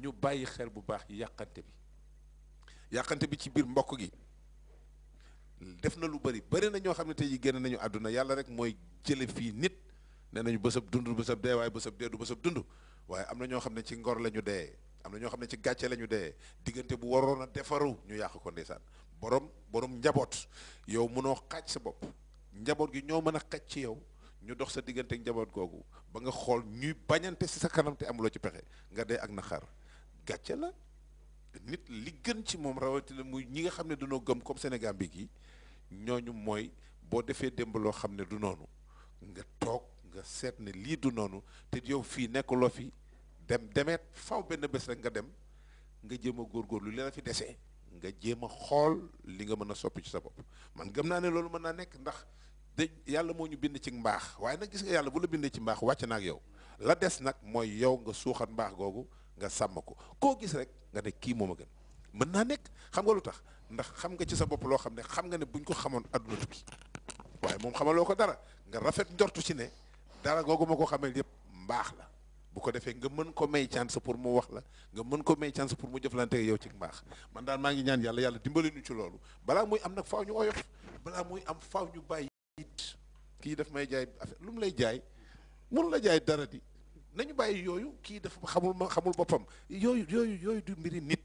ñu bayyi xel bu baax yàqante bi yàqante bi ci biir mbokk gi def na lu bari bari na ñoo xam ne tey yi génn nañu àdduna yàlla rek mooy jële fii nit nee nañu bësab dund bësab dee waaye bësab dee du bësab dund waaye am na ñoo xam ne ci ngor la ñu dee am na ñoo xam ne ci gàcce la ñu dee bu waroon a defaru ñu yàq ko ndeysaan borom borom njaboot yow mënoo xaaj sa bopp njaboot gi ñoo mën a xaj ci yow ñu dox sa diggante njaboot googu ba nga xool ñuy bañante si sa kanam te amuloo ci pexe nga dee ak xar gàcce la nit li gën ci moom rawatina muy ñi nga xam ne du dañoo gëm comme Sénégal bi gi ñooñu mooy boo defee démb loo xam ne du noonu nga toog nga seet ne lii du noonu te yow fii nekkuloo fi dem demeet faw benn bés rek nga dem nga jéem a góorgóorlu li la fi desee nga jéem a xool li nga mën a soppi ci sa bopp man gëm naa ne loolu mën naa nekk ndax de yàlla moo ñu bind ci mbaax waaye nag gis nga yàlla bu la bindee ci mbaax wàcc na ak yow la des nag mooy yow nga suuxat mbaax googu nga sàmm ko koo gis rek nga ne kii moom a gën mën naa nekk xam nga lu tax ndax xam nga ci sa bopp loo xam ne xam nga ne buñ ko xamoon adduna tukki waaye moom xamaloo ko dara nga rafet njortu ci ne dara googu ma ko xamal yëpp mbaax la bu ko defee nga mën ko may chance pour mu wax la nga mën ko may chance pour mu jëflante yow ci mbaax man daal maa ngi ñaan yàlla yàlla dimbali nu ci loolu balaa muy am nag faaw ñu oyof balaa muy am faaw ñu bàyyi it kii daf may jaay affaire lay jaay mun la jaay dara di nañu bàyyi yooyu kii dafa xamul ma xamul boppam yooyu yooyu yooyu du mbiri nit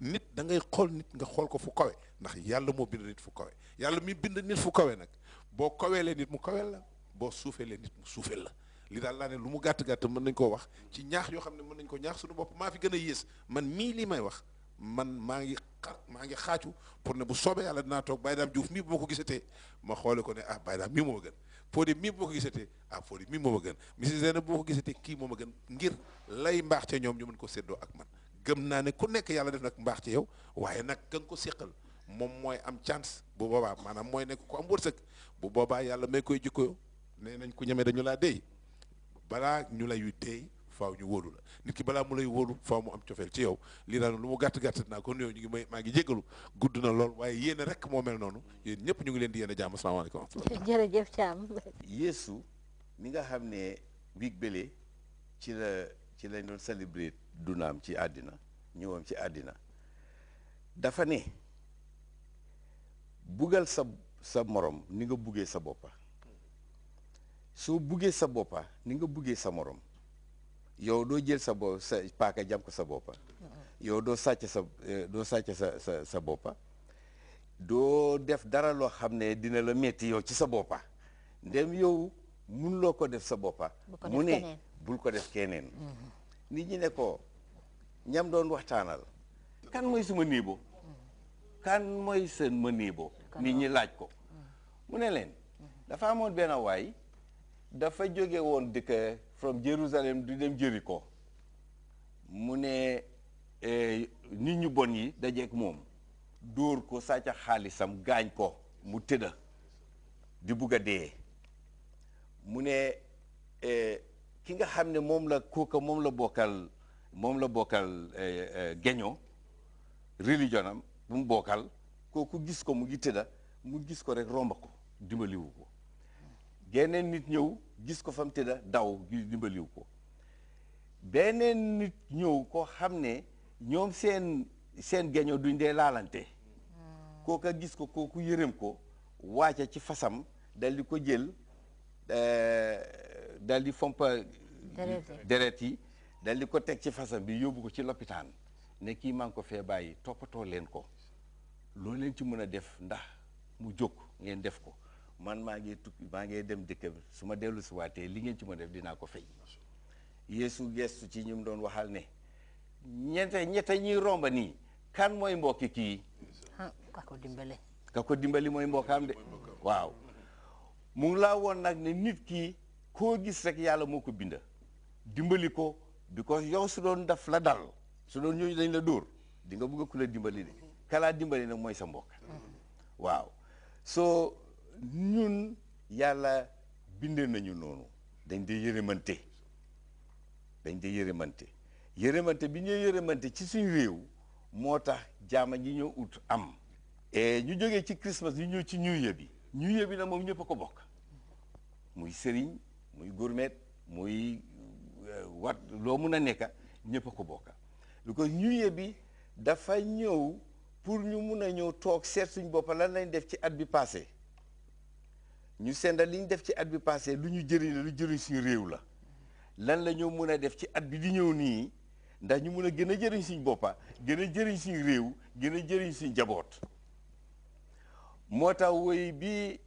nit da ngay xool nit nga xool ko fu kawe ndax yàlla moo bind nit fu kawe yàlla mi bind nit fu kawe nag boo kaweelee nit mu kaweel la boo suufeelee nit mu la li daal laa ne lu mu gàtt gàtt mën nañ koo wax ci ñaax yoo xam ne mën nañ ko ñaax suñu bopp maa fi gën a yées man mii lii may wax man maa ngi maa ngi xaacu pour ne bu soobee yàlla dinaa toog Baye Dame Diouf mii bu ma ko gisatee ma xoole ko ne ah Baye mii moo gën Pod mii boo ko gisatee ah Pod mii moo ma gën monsieur Zeyna boo ko gisatee kii moo ma gën ngir lay mbaax ca ñoom ñu mën ko séddoo ak man gëm naa ne ku nekk yàlla def nag mbaax ci yow waaye nag ka ko séqal moom mooy am chance bu boobaa maanaam mooy nekk ku am wërsëg bu boobaa yàlla may koy jikko nee nañ ku ñemee dañu laa déy balaa ñu lay layu déy faaw ñu wóolu la nit ki balaa mu lay wóolu faaw mu am cofeel ci yow lii daal lu mu gàtt gàtt naa ko nuyoo ñu ngi may maa ngi jégalu gudd na lool waaye yéene rek moo mel noonu yéen ñëpp ñu ngi leen di yéene jàmm asalaamaaleykum. jërëjëf Thiam. yéesu ni nga xam ne wig bële ci la ci lañ doon célébrer dunaam ci àddina ñëwam ci àddina dafa ne bugal sa sa morom ni nga buggee sa boppa soo buggee sa boppa ni nga buggee sa morom. yow doo jël sa bo sa paaka jam ko sa boppa yow doo sàcc sa eh, doo sàcc sa sa sa boppa doo def dara loo xam ne dina la metti yow ci sa boppa ndem yow mun loo ko def sa boppa mu ne bul ko def keneen mm-hmm. nit ñi ne ko ñam doon waxtaanal kan mooy suma niibo mm-hmm. kan mooy seen ma niibo nit ñi laaj ko mm-hmm. mu ne leen dafa amoon benn waay dafa jóge woon dëkk from Jerusalem di dem Jericho mu ne eh, nit ñu bon yi dajeek moom dóor ko sàcc xaalisam gaañ ko mu tëdda di bugg a dee mu ne eh, ki nga xam ne moom la kooka moom la bokkal moom la bokkal eh, geño religionam bu mu bokkal kooku gis ko mu ngi tëdda mu gis ko rek romba ko dimbaliwu ko geneen nit ñëw gis ko fam tëdda daw gi ko beneen nit ñëw koo xam ne ñoom seen seen geño duñ dee laalante hmm. kooka gis ko kooku yërëm ko waaca ci fasam dal di ko jël eh, dal di fompa deret yi daldi ko teg ci fasam bi yóbbu ko ci lopitaan ne kii maa ngi ko fee bàyyi toppatoo leen ko loo leen ci mën a def ndax mu jóg ngeen def ko man maa ngi tukk maa ngi dem dëkk bi su ma dellu si waatee li ngeen ci ma def dinaa ko fey yéesu gestu ci ñum doon waxal ne ñette ñette ñiy romba nii kan mooy mbokki kii ka ko dimbali ka ko dimbali mooy mbokkaam de waaw mu laa woon nag ne nit ki koo gis rek yàlla moo ko binda dimbali ko because yow su doon daf la dal su doon ñooñu lañ la dóor di nga bëgg ku la dimbali de kalaa dimbali nag mooy sa mbokk mm-hmm. waaw ñun yàlla bindee nañu noonu dañ dee yërëmante dañ dee yërëmante yërëmante bi ñuy yërëmante ci suñ réew moo tax jaama ñi ñoo ut am e ñu jógee ci Christmas ñu ñëw ci New Year bi New Year bi nag moom ñëpp ko bokk muy sëriñ muy gourmet muy euh, wat loo mun a nekka ñëpp ko bokk lu ko New Year bi dafa ñëw pour ñu mun a ñëw toog seet suñ bopp lan lañ def ci at bi passé ñu seendal li ñu def ci at bi passé lu ñu jëriñ la lu jëriñ suñu réew la lan la ñoo mën a def ci at bi di ñëw nii ndax ñu mën a gën a jëriñ suñu boppa gën a jëriñ suñu réew gën a jëriñ suñu jaboot moo tax woy bi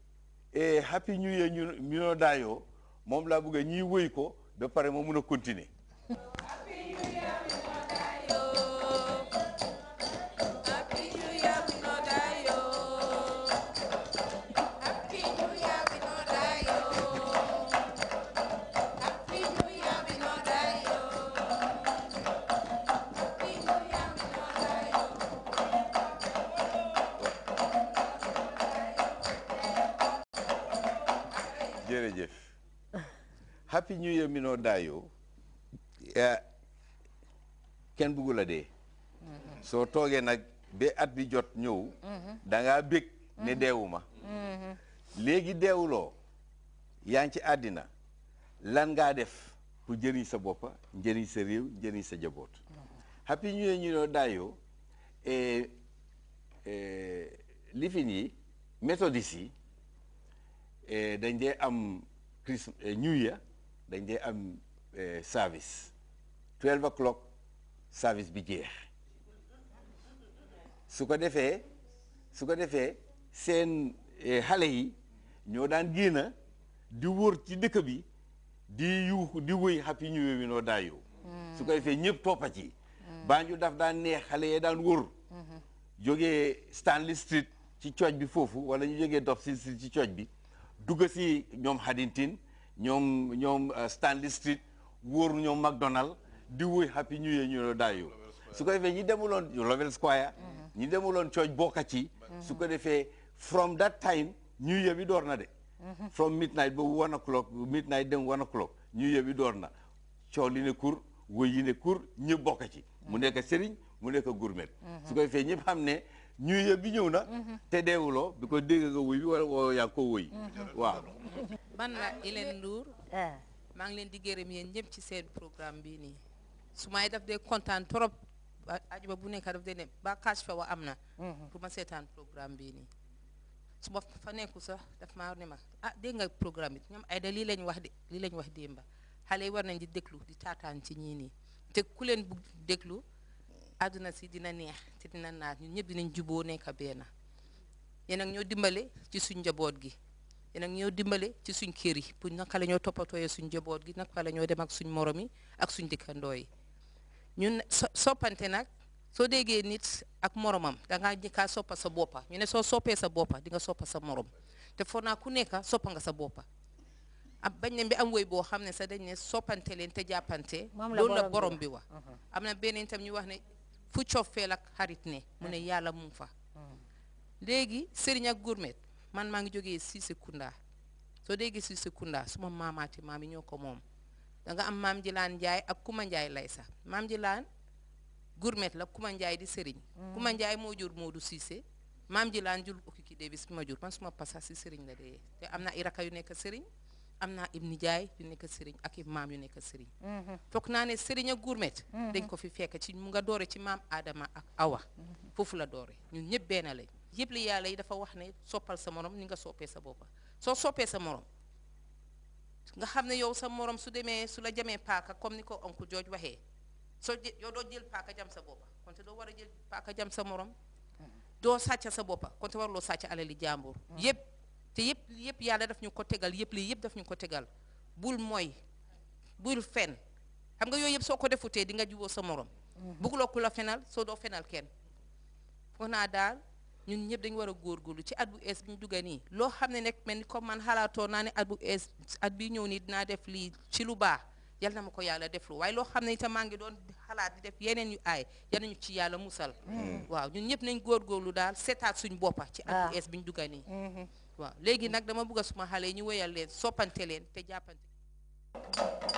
eh, happy new year ñu ñoo daayoo moom laa buggee ñuy woy ko ba pare moo mun a continuer happy new year mi noo daayoo eh, kenn bëggul a de soo toogee nag ba at bi jot ñëw danga bég ne deewuma léegi deewuloo yaa ngi ci àddina lan ngaa def pour jëriñ sa boppa jëriñ sa réew njëriñ sa jaboot happy new year ñu noo daayoo lifin yi méthodistes eh, yi dañ dee am Christmas eh, new year dañ dee am eh, service twelve o'clock service bi jeex su ko defee su ko defee seen eh, xale yi ñoo daan génn di wóor ci dëkk bi di yuuxu di wëy happy new year wi noo daayoo su ko defee ñëpp toppa ci Banjul daf daan neex xale yee daan wóor jógee Stanley Street ci cooj bi foofu wala ñu jógee Dobson ci cooj bi dugg si ñoom Haddington ñoom ñoom euh, Stanley Street wóor ñoom McDonald di wuy happy new year ñu daayu su ko defee ñi demuloon Lovell Square mhm. ñi demuloon cooj bokka ci su ko defee from that time new year bi door na de mhm. from midnight ba one o'clock midnight dem one o'clock new year bi door na coow li ne kur woy ne kur ñëpp bokka ci mu mhm. nekk sëriñ mu nekk gourmet su ko defee ñëpp xam ne ñuy yëpp bi ñëw na mhm. te deewuloo bi ko dégg nga wuy bi woo yaa ko wuy mhm. waaw man la Hélène ah. maa ngi leen di gërëm yéen ñëpp ci seen programme bii nii su may daf dee kontaan trop ajuba bu nekk daf dee ne ba kaas fa wa am na mhm. pour ma seetaan programme bii nii su ma fa nekku sax daf maa ne ma ah dégg nga programme it ñoom ay da lii lañ wax de lii lañ wax démba xale yi war nañ di déglu di taataan ci ñii nii te ku leen bu déglu àdduna si dina neex te dina naat ñu ñëpp dinañ juboo nekk benn yéen ak ñoo dimbale ci suñ njaboot gi yéen ak ñoo dimbale ci suñ kër yi pour naka la ñoo toppatooyee suñ njaboot gi naka la ñoo dem ak suñ morom yi ak suñ dëkkandoo yi ñun soppante nag soo déggee nit ak moromam da ngaa njëkkaa soppa sa boppa ñu ne soo soppee sa boppa dinga nga sa morom te foo naa ku nekk soppa nga sa boppa am bañ ne bi am woy boo xam ne sa dañ ne soppante leen te jàppante loolu la borom bi wa uh-huh. am na fu cofeel ak xarit ne mu ne mm. yàlla mu fa mm. léegi sëriñ ak gourmet man maa ngi jógee Serekunda soo déggee Serekunda suma maamaati maam yi ñoo ko moom danga am maam Jilaan Njaay ak Kuma Njaay lay sax maam Jilaan gourmet la Kuma Njaay di sëriñ mm. Kuma Njaay moo jur Moodu Siise maam Jilaan jur Okiki Davis bi ma jur man suma pasa si sëriñ la dee te am na i raka yu nekk sëriñ am naa im nijaay yu nekk sëriñ ak i maam yu nekk sëriñ mhm. foog naa ne sëriñ a gourmet mhm. dañ ko fi fekk ci mu nga doore ci maam Adama ak Awa mhm. foofu la doore ñun ñëpp benn lañ yëpp li yàlla yi dafa wax ne soppal sa moroom ni nga soppee sa boppa soo soppee sa morom nga xam ne yow sa morom su demee su la jamee paaka comme ni ko onk George waxee soo yow doo jël paaka jam sa boppa konte doo war a jël paaka jam sa moroom doo sàcca sa boppa konte waruloo sàcca alali jàmbur yëpp te yëpp yëpp yàlla daf ñu ko tegal yëpp lii yëpp daf ñu ko tegal bul mooy bul fen xam nga yooyu yëpp soo ko defutee di nga juboo sa morom mm-hmm. bëgguloo ku la fenal soo doo fenal kenn foog naa daal ñun ñëpp dañ war a góor góorgóorlu ci at bu ees bi ñu dugga nii loo xam ne nekk mel ni comme man xalaatoo naa ne at bu ees at bi ñëw nii dinaa def lii ci lu baax yal na ma ko yàlla def lu waaye loo xam ne itam maa ngi doon xalaat di def yeneen yu aay yal nañu ci yàlla musal mm-hmm. waaw ñun ñëpp nañ góorgóorlu daal seetaat suñ boppa ci at bu ah. ees bi waaw léegi nag dama bugg a suma xale yi ñu wéyal leen soppante leen te jàppante